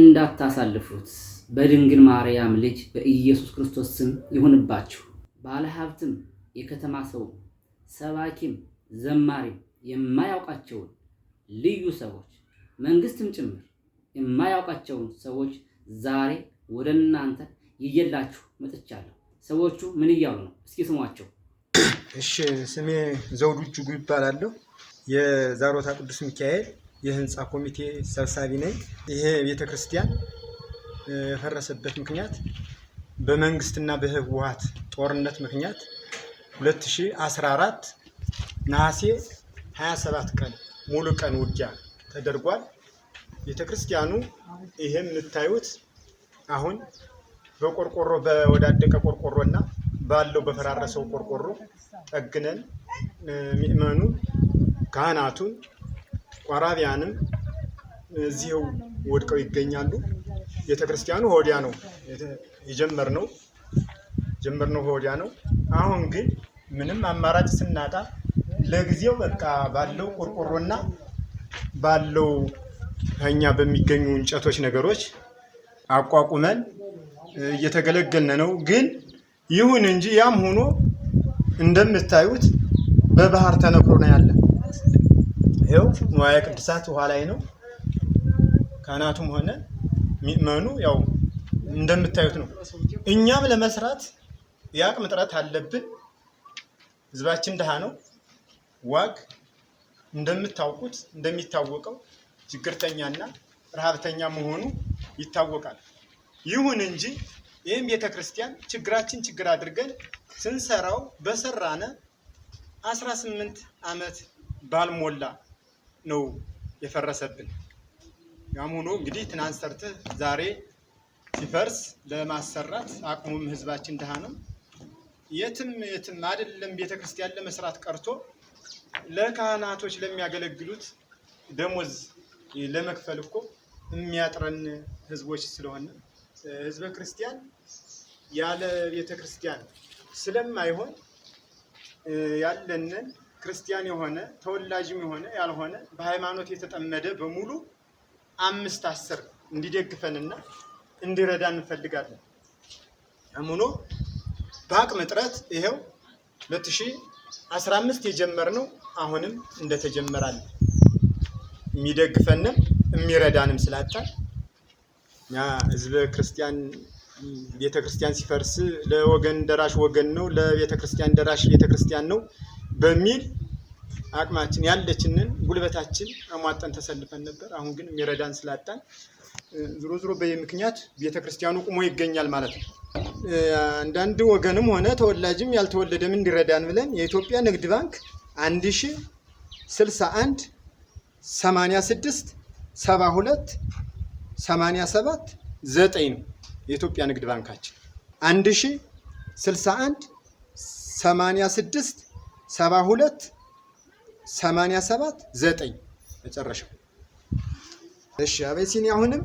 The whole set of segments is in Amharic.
እንዳታሳልፉት በድንግል ማርያም ልጅ በኢየሱስ ክርስቶስ ስም ይሁንባችሁ። ባለሀብትም፣ የከተማ ሰው፣ ሰባኪም፣ ዘማሪም የማያውቃቸውን ልዩ ሰዎች መንግስትም ጭምር የማያውቃቸውን ሰዎች ዛሬ ወደ እናንተ ይዤላችሁ መጥቻለሁ። ሰዎቹ ምን እያሉ ነው? እስኪ ስሟቸው። እሺ፣ ስሜ ዘውዱ እጅጉ ይባላለሁ። የዛሮታ ቅዱስ ሚካኤል የህንፃ ኮሚቴ ሰብሳቢ ነኝ። ይሄ ቤተክርስቲያን የፈረሰበት ምክንያት በመንግስትና በህወሀት ጦርነት ምክንያት 2014 ነሐሴ 27 ቀን ሙሉ ቀን ውጊያ ተደርጓል። ቤተክርስቲያኑ ይሄ የምታዩት አሁን በቆርቆሮ በወዳደቀ ቆርቆሮ እና ባለው በፈራረሰው ቆርቆሮ ጠግነን ምእመኑ ካህናቱን ቋራቢያንም እዚው ወድቀው ይገኛሉ። ቤተ ሆዲያ ነው የጀመርነው ጀመርነው ሆዲያ ነው። አሁን ግን ምንም አማራጭ ስናጣ ለጊዜው በቃ ባለው ቆርቆሮና ባለው ከኛ በሚገኙ እንጨቶች ነገሮች አቋቁመን እየተገለገልን ነው። ግን ይሁን እንጂ ያም ሆኖ እንደምታዩት በባህር ተነክሮ ነው ያለን። ይሄው ንዋየ ቅድሳት ውሃ ላይ ነው። ካህናቱም ሆነ ሚእመኑ ያው እንደምታዩት ነው። እኛም ለመስራት የአቅም ጥረት አለብን። ህዝባችን ድሃ ነው። ዋግ እንደምታውቁት እንደሚታወቀው ችግርተኛና ረሃብተኛ መሆኑ ይታወቃል። ይሁን እንጂ ይህም ቤተ ክርስቲያን ችግራችን ችግር አድርገን ስንሰራው በሰራነ አስራ ስምንት ዓመት ባልሞላ ነው የፈረሰብን። ያም ሆኖ እንግዲህ ትናንት ሰርተህ ዛሬ ሲፈርስ ለማሰራት አቅሙም ህዝባችን ድሃ ነው። የትም የትም አይደለም ቤተ ክርስቲያን ለመስራት ቀርቶ ለካህናቶች ለሚያገለግሉት ደሞዝ ለመክፈል እኮ የሚያጥረን ህዝቦች ስለሆነ ህዝበ ክርስቲያን ያለ ቤተ ክርስቲያን ስለማይሆን ያለንን ክርስቲያን የሆነ ተወላጅም የሆነ ያልሆነ በሃይማኖት የተጠመደ በሙሉ አምስት አስር እንዲደግፈንና እንዲረዳ እንፈልጋለን። አምኖ በአቅም እጥረት ይሄው 2015 የጀመርነው አሁንም እንደተጀመራል። የሚደግፈንም የሚረዳንም ስላጣን ያ ህዝበ ክርስቲያን ቤተክርስቲያን ሲፈርስ ለወገን ደራሽ ወገን ነው፣ ለቤተክርስቲያን ደራሽ ቤተክርስቲያን ነው በሚል አቅማችን ያለችንን ጉልበታችን አሟጠን ተሰልፈን ነበር። አሁን ግን የሚረዳን ስላጣን ዝሮ ዝሮ በየ ምክንያት ቤተክርስቲያኑ ቁሞ ይገኛል ማለት ነው። አንዳንድ ወገንም ሆነ ተወላጅም ያልተወለደም እንዲረዳን ብለን የኢትዮጵያ ንግድ ባንክ 1061 86 72 87 9 ነው የኢትዮጵያ ንግድ ባንካችን 61 86 ሰባ ሁለት ሰማንያ ሰባት ዘጠኝ መጨረሻው። እሺ አቤሲኒ አሁንም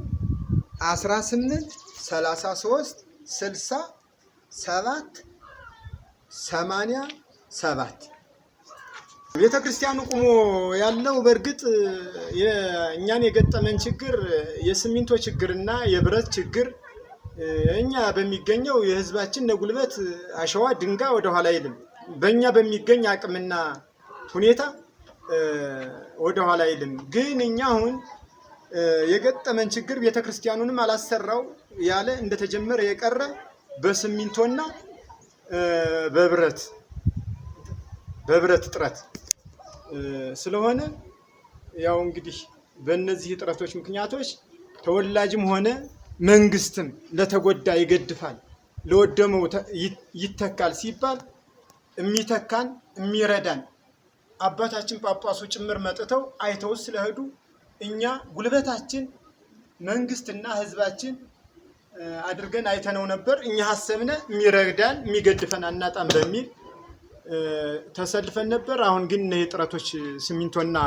አስራ ስምንት ሰላሳ ሶስት ስልሳ ሰባት ሰማንያ ሰባት ቤተ ክርስቲያኑ ቁሞ ያለው በእርግጥ እኛን የገጠመን ችግር የሲሚንቶ ችግርና የብረት ችግር እኛ በሚገኘው የህዝባችን ነጉልበት አሸዋ ድንጋይ ወደኋላ አይልም። በእኛ በሚገኝ አቅምና ሁኔታ ወደኋላ አይልም። ግን እኛ አሁን የገጠመን ችግር ቤተክርስቲያኑንም አላሰራው ያለ እንደተጀመረ የቀረ በሲሚንቶና በብረት በብረት እጥረት ስለሆነ ያው እንግዲህ በእነዚህ እጥረቶች ምክንያቶች ተወላጅም ሆነ መንግስትም ለተጎዳ ይገድፋል፣ ለወደመው ይተካል ሲባል የሚተካን የሚረዳን አባታችን ጳጳሱ ጭምር መጥተው አይተው ስለሄዱ እኛ ጉልበታችን መንግስትና ህዝባችን አድርገን አይተነው ነበር። እኛ ሀሰብነ የሚረዳን የሚገድፈን አናጣም በሚል ተሰልፈን ነበር። አሁን ግን የጥረቶች ሲሚንቶና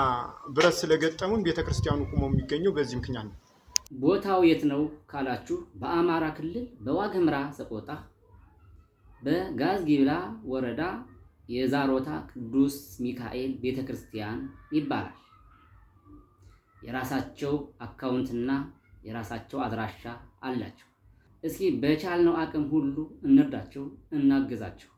ብረት ስለገጠሙን ቤተክርስቲያኑ ቁሞ የሚገኘው በዚህ ምክንያት ነው። ቦታው የት ነው ካላችሁ፣ በአማራ ክልል በዋግ ኽምራ ሰቆጣ በጋዝጊብላ ወረዳ የዛሮታ ቅዱስ ሚካኤል ቤተክርስቲያን ይባላል። የራሳቸው አካውንትና የራሳቸው አድራሻ አላቸው። እስኪ በቻልነው አቅም ሁሉ እንርዳቸው፣ እናግዛቸው።